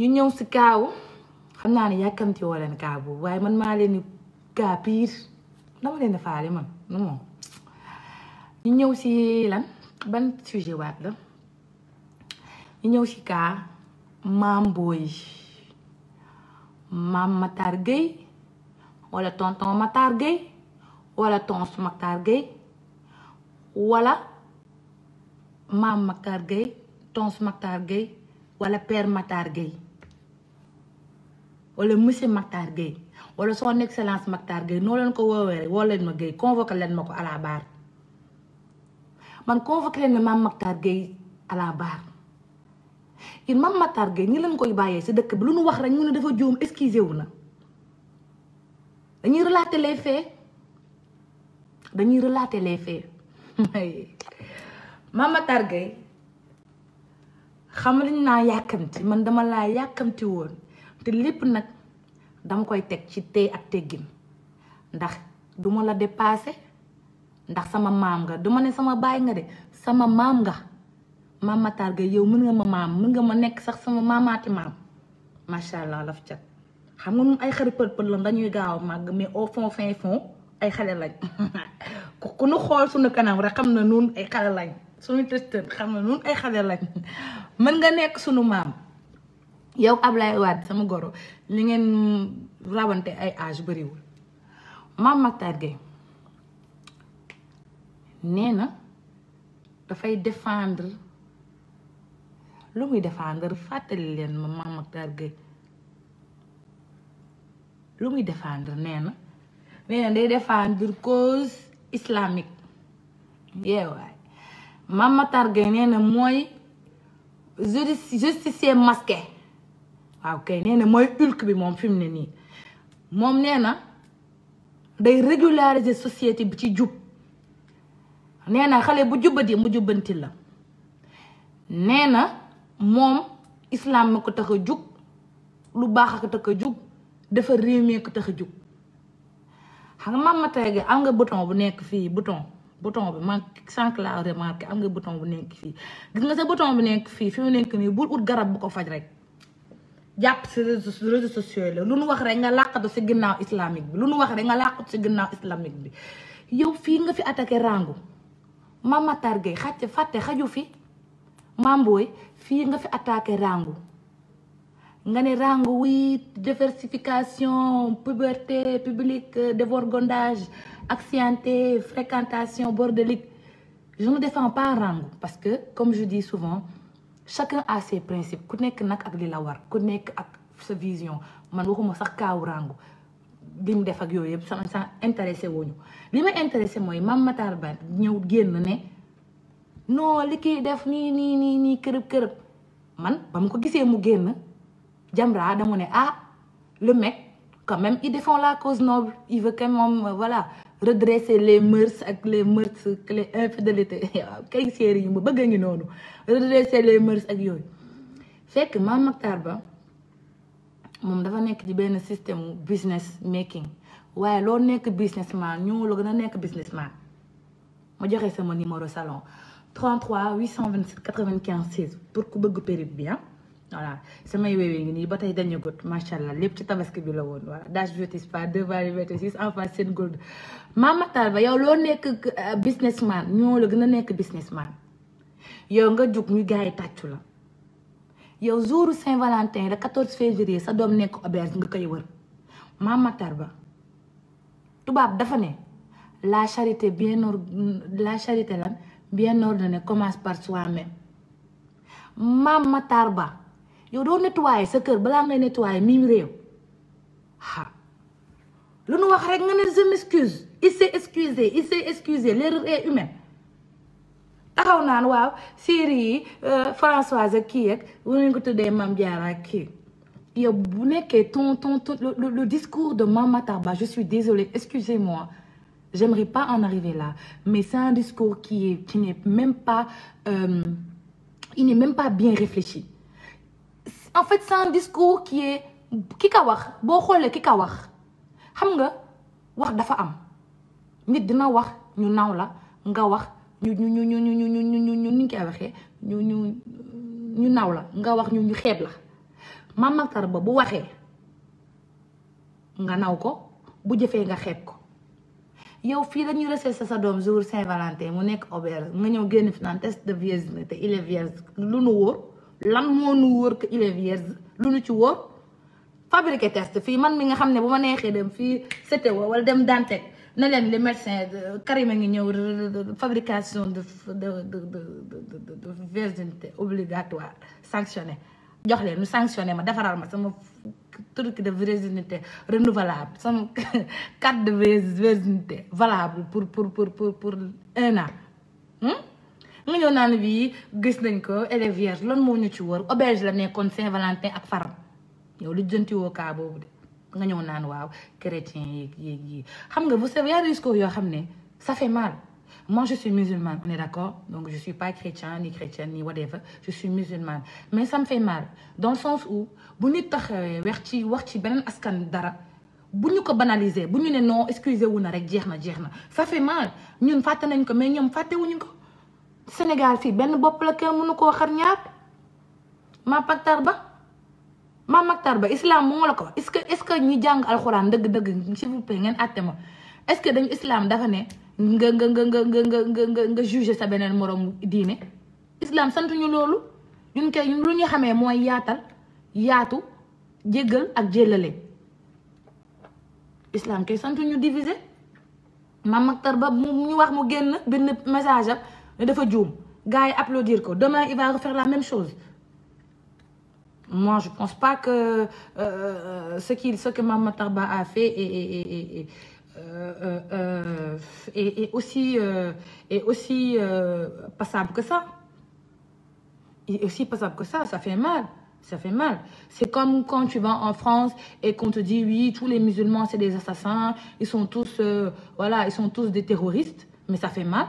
ñu ñëw si kaawu xam naa ne yàkkamti woo leen kaa boobu waaye man maa leen ni kaa piir dama leen di faale man non ñu ñëw si lan ban sujet waat la ñu ñëw si kaa maam booy maam Matar walla wala tonton Matar Gueye wala walla Matar Gueye wala maam Matar Gueye tons Matar Gueye wala père Matar Gueye wala monsieur Mactar Gueye wala son excellence Mactar Gueye noo leen ko woowee rek woo leen ma Gueye convoqué leen ma ko à la barre man convoqué leen ne maam Mactar Gueye à la barre leen koy bàyyee si dëkk bi lu nu wax rek mun ne dafa juum excusé wu na dañuy relater les faits dañuy relater les faits maam Mactar Gueye xam liñ naa yàkkamti man dama laa yàkkamti woon te lépp nag dama koy teg ci tey ak teggin ndax du ma la dépassé ndax sama maam nga du ma ne sama baay nga de sama maam nga maam mataar ga yow mën nga ma maam mun nga ma nekk sax sama maamaati maam macha allah laf cat xam nga ñun ay xarit pël dañuy gaaw a màgg mais au fond fin fond ay xale lañ ku nu xool suñu kanam rek xam na nun ay xale lañ suñu testeur xam na nun ay xale lañ mën nga nekk suñu maam. yow Ablaye Wade sama goro li ngeen rawante ay âge bëriwul Mame Mactar Gueye na dafay défendre lu muy défendre fàttali leen ma Mame Mactar lu muy défendre nee na nee na day défendre cause islamique yeewaay Mame Mactar Gueye nee na mooy justice masqué waaw kay nee na mooy Hulk bi moom fi mu ne nii moom nee na day régulariser société bi ci jub nee na xale bu jubbati mu jubbanti la nee na moom islam ma ko tax a jug lu baax a ko tax a jug dafa réew mi ko tax a jug xam nga maam ma tey am nga bouton bu nekk fii buton buton bi man sànq laa remarqué am nga buton bu nekk fii gis nga sa bouton bu nekk fii fi mu nekk nii bul ut garab bu ko faj rek jàpp si réseaux sociaux yi la lu nu wax rek nga làqatu si ginnaaw islamique bi lu nu wax rek nga làqatu si ginnaaw islamique bi yow fii nga fi attaque rangu Mame Matar Gueye fàtte xaju fi Mame Boye fii nga fi attaqué rangu nga ne rangu wi diversification puberté publique euh, dévergondage accidenté fréquentation bordélique je ne défends pas rangu parce que comme je dis souvent chacun a ses principes ku nekk nag ak li la war ku nekk ak sa vision man waxuma sax kaawu rangu li def ak yooyu yëpp sama sa intéressé wuñu li ma intéressé mooy Mame Matar Ba ñëw génn ne non li kiy def nii nii nii nii kërëb kërëb man ba mu ko gisee mu génn Jamra dama ne ah le mec quand même il défend la cause noble il voilà redresser les mœurs ak les mœurs les infidélités waaw kay séeri yi ma bëgg ngi noonu redresser les mœurs ak yooyu fekk Mame Mactar Ba moom dafa nekk ci benn système business making waaye loo nekk businessman ñoo la gën a nekk businessman ma joxe sama numéro salon 33 827 95 16 pour ku bëgg période bi ah. voilà samay wéwee ngi nii ba tey dañu gut macha allah lépp ci tabaski bi la woon voilà Dash Beauty Spa deux vingt vingt six en face seen gold Mama Talba yow loo nekk euh, businessman ñoo la gën a nekk businessman yow nga jug ñu gars yi yow jouru Saint-Valentin le 14 sa doom nekk auberge nga koy wër Mama Talba tubaab dafa ne la charité bien or la charité lan bien ordonnée commence par soi-même Mama Talba yow doo nettoyé sa kër balaa ngay nettoyé mii réew ha lu nu wax rek nga ne je m'excuse il s'est excusé il s'est excusé l'erreur est humaine taxaw naan waaw série yi euh, Françoise ak kii ak wanañ ko tuddee Mame Diarra ak kii yow bu nekkee ton ton ton le, le discours de Mame Matar Ba je suis désolée excusez-moi j'aimerais pas en arriver là mais c'est un discours qui est qui n'est même pas euh, il n'est même pas bien réfléchi en fait c'est un discours ki ka wax boo xoolee ki ka wax xam nga wax dafa am nit dina wax ñu naw la nga wax ñu ñu ñu ñu ñu ñu ñu waxee ñu ñu ñu naw la nga wax ñu ñu xeeb la Mame Makhtar Ba bu waxee nga naw ko bu jëfee nga xeeb ko yow fii dañuy recensé sa doom jour Saint-Valentin mu nekk auberge nga ñëw génn fi naan test de virginité il est vierge lu nu wóor lan moo nu wóor que il lu nu ci wóor fabriqué fii man mi nga xam ne bu ma neexee dem fii CTO wala dem Dantec ne leen le médecin Karim a ngi ñëw fabrication de de de de jox leen nu sanctionné ma defaral ma sama truc de virginité renouvelable sama carte de virginité valable pour pour pour pour pour un an. Hmm? nga ñëw naan bii gis nañ ko élève vierge lan moo ñu ci wër auberge la nekkoon Saint-Valentin ak Faram yow lu jëntiwoo kaa boobu de nga ñëw naan waaw chrétien yeeg yeeg yi xam nga vous savez y yoo xam ne ça fait mal moi je suis musulmane donc je ni chrétienne ni whatever mais ça me fait mal dans le sens où bu nit tax wax ci wax ci beneen askan dara bu ñu ko banaliser bu ñu ne noo excusez wu na rek jeex na jeex na sa fait mal ñun fàtte nañ ko mais ñoom fàttewuñu ko Sénégal fii benn bopp la kenn mënu koo xar ñaar maam Maktar Ba maam Maktar Ba islam moo la ko est-ce que est-ce que ñu jàng alxuraan dëgg-dëgg s'il vous plaît ngeen àtte ma est-ce que dañu islam dafa ne nga nga nga nga nga nga nga juger sa beneen moroom diine. islaam sant ñu loolu ñun kay ñun lu ñu xamee mooy yaatal yaatu jéggal ak jéllale islam kay sant ñu diviser maam Maktar Ba mu ñu wax mu génn benn message ne dafa juum gars yi applaudir ko demain il va refaire la même chose moi je pense pas que euh, euh ce qu'il ce que Mame Matar Ba a fait est, est, est, euh, euh, euh, est aussi est aussi passable que ça est aussi passable que ça ça fait mal ça fait mal c'est comme quand tu vas en France et qu'on te dit oui tous les musulmans c'est des assassins ils sont tous euh, voilà ils sont tous des terroristes mais ça fait mal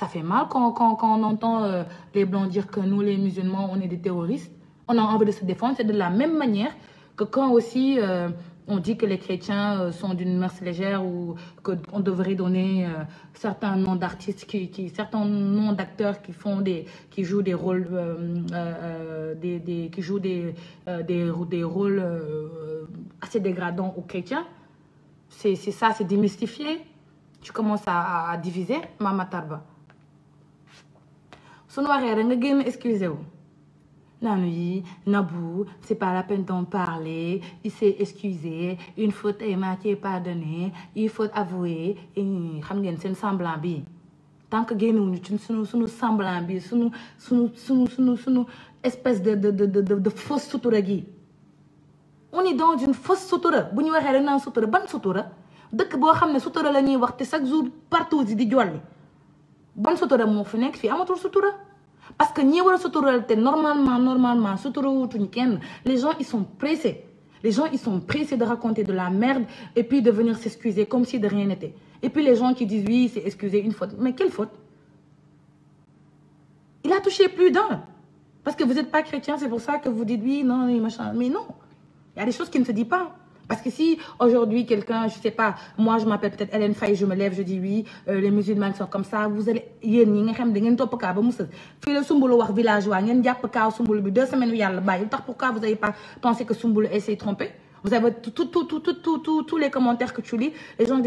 Ça fait mal quand, quand, quand on entend euh, les blancs dire que nous, les musulmans, on est des terroristes. On a envie de se défendre. C'est de la même manière que quand aussi euh, on dit que les chrétiens euh, sont d'une mœurs légère ou qu'on devrait donner euh, certains noms d'artistes, qui, qui, certains noms d'acteurs qui font des, qui jouent des rôles, euh, euh, des, des, qui jouent des, des, des, rôles assez dégradants aux chrétiens. C'est ça, c'est démystifier. Tu commences à, à diviser, Mama Tarba. suñu waxee rek nga génne excusé wu naan yi nabu c'est par la peine d'en parler il s'est excusé une faute est moitié pardonnée il faut avouer xam ngeen seen semblant bi tant que génnewuñu ci suñu suñu semblant bi suñu suñu suñu suñu suñu espèce de de de de de fausse sutura gi on est dans une fausse sutura bu ñu waxee rek naan sutura ban sutura dëkk boo xam ne sutura la ñuy wax te chaque jour partout di jolli ban sutura moo fi nekk fii amatul sutura parce que ñi war a sutural te normalement normalement sutura wutuñu kenn les gens ils sont pressés de raconter de la merde et puis de venir s'excuser comme si de rien n'était et les gens qui disent oui c'est une faute mais quelle faute il a touché plus d'un parce que vous n'êtes pas chrétien c'est pour ça que vous dites oui non il y a des choses qui ne se disent pas Parce que si aujourd'hui quelqu'un, je sais pas, je m'appelle peut-être Hélène Faye, je me lève, je dis oui, euh, les musulmans sont comme ça, vous allez yéen ñi nga xam da ngeen topp kaa ba mu sës fii la Soumboulou wax villageois ngeen jàpp kaaw Soumboulou bi deux semaines yàlla bàyyi tax pourquoi vous avez pas pensé que Soumboulou s'est trompé vous avez tout tout tout tout tout tout tous les commentaires que tu lis les gens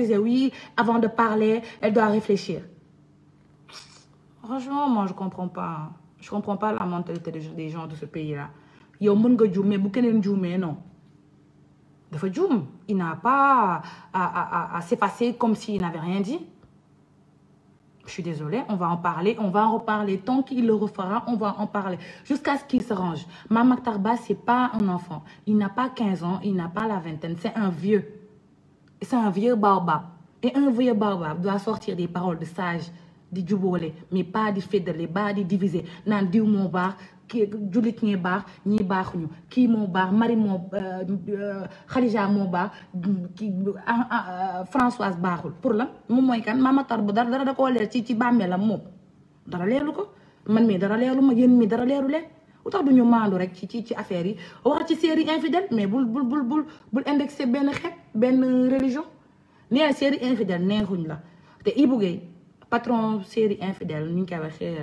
de ce pays là yow mën nga juumee bu keneen juumee non dafa juum il n'a pas à à à s'effacer comme s'il n'avait rien dit je suis désolée on va en parler on va en reparler tant qu'il le refera on va en parler jusqu'à ce qu'il se range Mame Ba c'est pas un enfant il n'a pas 15 ans il n'a pas la vingtaine c'est un vieux c'est un vieux baobab et un vieux baobab doit sortir des paroles de sage di jubóole mais pas di féddale ba di diviser naan diw moo baax kii jullit ñi baax ñi baaxuñu kii moo baax Marie moo euh, euh, Khadija moo baax kii ah, ah, euh, Françoise baaxul pour la moom mooy kan Mame bu dara dara da leer ci ci bàmmeelam moom dara leerlu ko man mii dara leerlu ma yéen mii dara leerlu leen lu tax du ñu maandu rek ci ci ci affaire yi wax ci série infidèle mais bul bul bul bul bul indexé benn xeet benn religion nee na série neexuñ la te Ibou Guèye patron série infidèle ni ñu koy waxee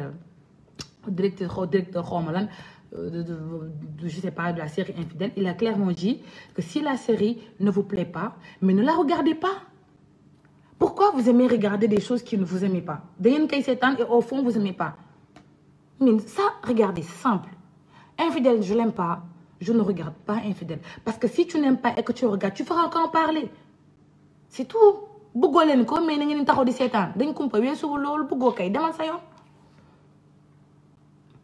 directeur, oh, directeur Romalan, oh, euh, de, de, de, je sais pas, de la série Infidèle, il a clairement dit que si la série ne vous plaît pas, mais ne la regardez pas. Pourquoi vous aimez regarder des choses qui ne vous aimez pas et au fond, vous aimez pas. Mais ça, regardez, simple. Infidèle, je l'aime pas. Je ne regarde pas Infidèle. Parce que si tu n'aimes pas et que tu regardes, tu feras encore en parler. C'est tout. Bougolen ko mais ngeen taxaw di sétane dañ kumpa wessu lool bougo kay demal sa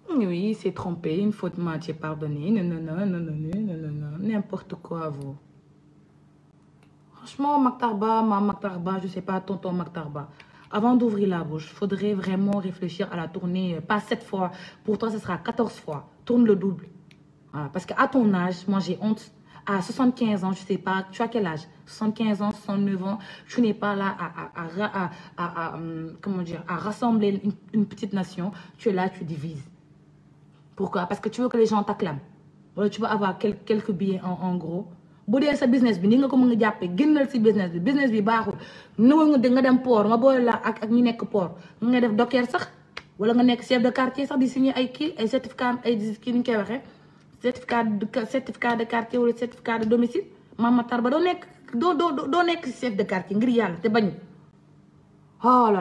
Oui, il s'est trompé, une faute m'a été pardonnée, non, non, non, non, non, non, non, n'importe quoi, vous. Franchement, Maktarba, ma Maktarba, je sais pas, tonton Maktarba, avant d'ouvrir la bouche, faudrait vraiment réfléchir à la tournée, euh, pas sept fois, pour toi, ce sera 14 fois, tourne le double. Voilà, parce qu'à ton âge, moi, j'ai honte, à 75 ans, je sais pas, tu as quel âge 75 ans, 69 ans, tu n'es pas là à, à, à, à, comment dire, à rassembler une, une petite nation, tu es là, tu divises. pourquoi parce que tu veux que les gens t'acclament wala tu veux avoir quelques quelques en gros bu dee sa business bi ni nga ko mën a jàppee génnal si business bi business bi baaxul nangoo nga dem port nga boole la ak ñi nekk port nga def docker sax wala nga nekk chef de quartier sax di signer ay kii ay certificat ay kii ni ñu koy waxee certificat certificat de quartier wala certificat de domicile Mame Ba doo nekk doo doo doo nekk chef de quartier ngir yàlla te bañu oh la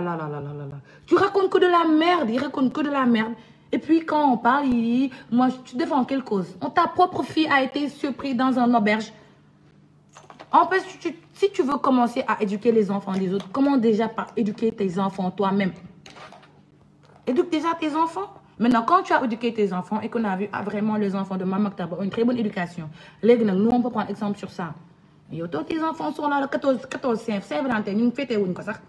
merde il raconte que de Et puis quand on parle, il dit, moi, tu défends quelle cause on, Ta propre fille a été surprise dans un auberge. si tu veux commencer à éduquer les enfants des autres, comment déjà par éduquer tes enfants toi-même Éduque déjà tes enfants. Maintenant, quand tu as éduqué tes enfants et qu'on a vu ah, vraiment les enfants de Maman Taba une très bonne éducation, léegi nag nous on peut prendre exemple sur ça. yow toog tes enfants sont là le 14 14 5 Saint-Valentin ñun féetewuñ ko sax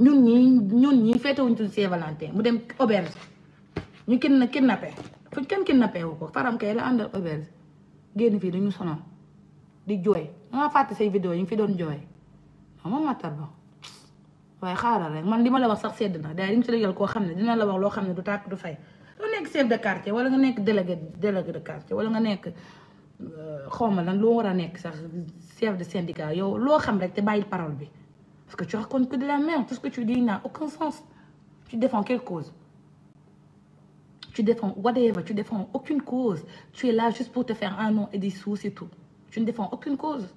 ñun ñii ñun ñii mu dem auberge. ñu kin kidnappé fuñ kenn kidnappé wu ko faram kay la àndal auberge génn fii dañu sonal di jooy danga fàtte say vidéo yi nga fi doon jooy waaw moom Matar Ba waaye xaaral rek man li ma la wax sax sedd na daal di nga ci légal koo xam ne dina la wax loo xam ne du tàkk du fay nga nekk chef de quartier wala nga nekk délégué délégué de quartier wala nga nekk euh, xawma lan loo war a nekk sax chef de syndicat yow loo xam rek te bàyyi parole bi parce que tu racontes que de la merde tout tu défends whatever, tu défends aucune cause. Tu es là juste pour te faire un nom et des sous, c'est tout. Tu ne défends aucune cause.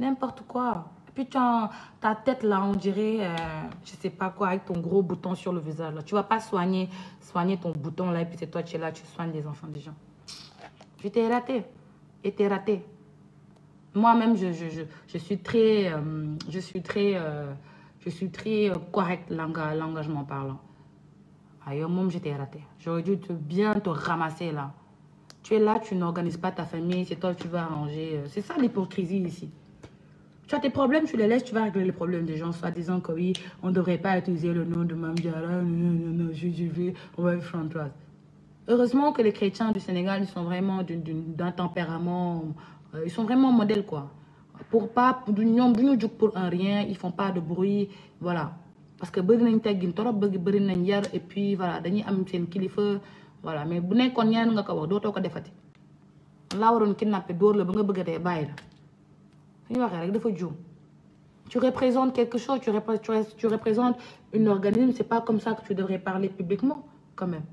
N'importe quoi. Et puis as, ta tête là, on dirait, euh, je sais pas quoi, avec ton gros bouton sur le visage. Là. Tu vas pas soigner, soigner ton bouton là, et puis c'est toi, tu es là, tu soignes les enfants des gens. Tu t'es raté. Et t'es raté. Moi-même, je, je, je, je, suis très, euh, je suis très, euh, je suis très euh, correcte, langage, langagement parlant. Aïe, mom, je t'ai raté. J'aurais dû te bien te ramasser là. Tu es là, tu n'organises pas ta famille, c'est toi que tu vas arranger. Euh, c'est ça l'hypocrisie ici. Tu as tes problèmes, tu les laisses, tu vas régler les problèmes des gens, soit disant que oui, on ne devrait pas utiliser le nom de Mamdiara, non, non, non, je, je vais, on va être Heureusement que les chrétiens du Sénégal, ils sont vraiment d'un tempérament, euh, ils sont vraiment modèles quoi. Pour pas, pour un rien, ils font pas de bruit, voilà. parce que bëri nañ teggin trop bëgg bëri nañ yar et puis voilà dañuy am seen kilifa voilà mais bu nekkoon ñeneen nga ko wax dootoo ko defati laa waroon kidnappé dóor la ba nga bëgg a dee bàyyi la su ñu waxee rek dafa juum tu représentes quelque chose tu représentes tu représentes une organisme c'est pas comme ça que tu devrais parler publiquement quand même.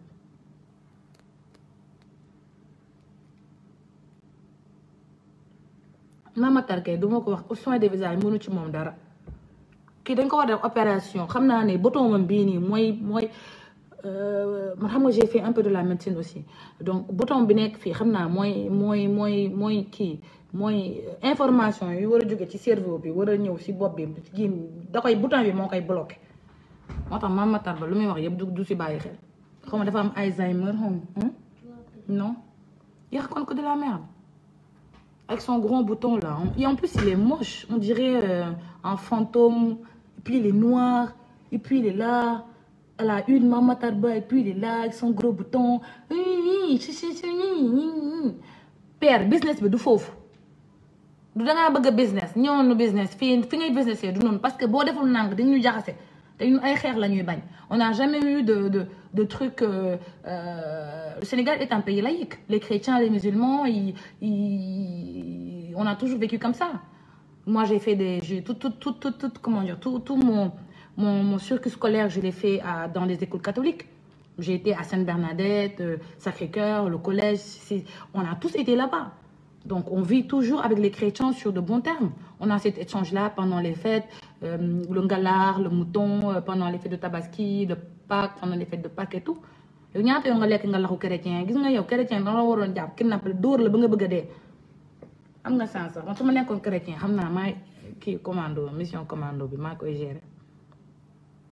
Mamatar kay du ma ko wax au soin de visage mënu ci moom dara. kii dañ ko war def xam naa ne botoomam bii nii mooy mooy euh, man xam nga j'ai fait peu de la médecine aussi donc botoom bi nekk fii xam naa mooy mooy mooy mooy kii mooy information yu war a jóge ci cerveau bi war a ñëw si bopp bi ci da koy bouton bi moo koy bloqué moo tax Mame Matar Ba lu muy wax yëpp du du si bàyyi xel xaw ma dafa am Alzheimer xaw ma non de la merde avec son gros bouton là en plus il est on dirait euh, un fantôme puis il est noir, et puis il est là, à la une, Mama Tarba, et puis il est là, avec son gros bouton. Père, business bi du foofu. du dangaa bëgg business ñëwoon nu business fii fi ngay business du noonu parce que boo deful nàng dañ ñu jaxase te ñun ay xeex la ñuy bañ on a jamais eu de de de truc euh, euh, le Sénégal est un pays laïque les chrétiens les musulmans ils on a toujours vécu comme ça. moi, j'ai fait des... Tout, tout, tout, tout, tout, comment dire, tout, tout mon, mon, mon circuit scolaire, je l'ai fait à, dans les écoles catholiques. J'ai été à Sainte-Bernadette, euh, Sacré-Cœur, le collège. On a tous été là-bas. Donc, on vit toujours avec les chrétiens sur de bons termes. On a cet échange-là pendant les fêtes, euh, le ngalar, le mouton, euh, pendant les fêtes de Tabaski, de Pâques, pendant les fêtes de Pâques et tout. yow ñaata yoon nga lekk ngalaxu chrétien gis nga yow chrétien da la waroon jàpp kidnappé dóor la ba nga bëgg a dee am nga sens sax man su ma nekkoon chrétien xam naa maa kii commando mission commando bi maa koy gérer.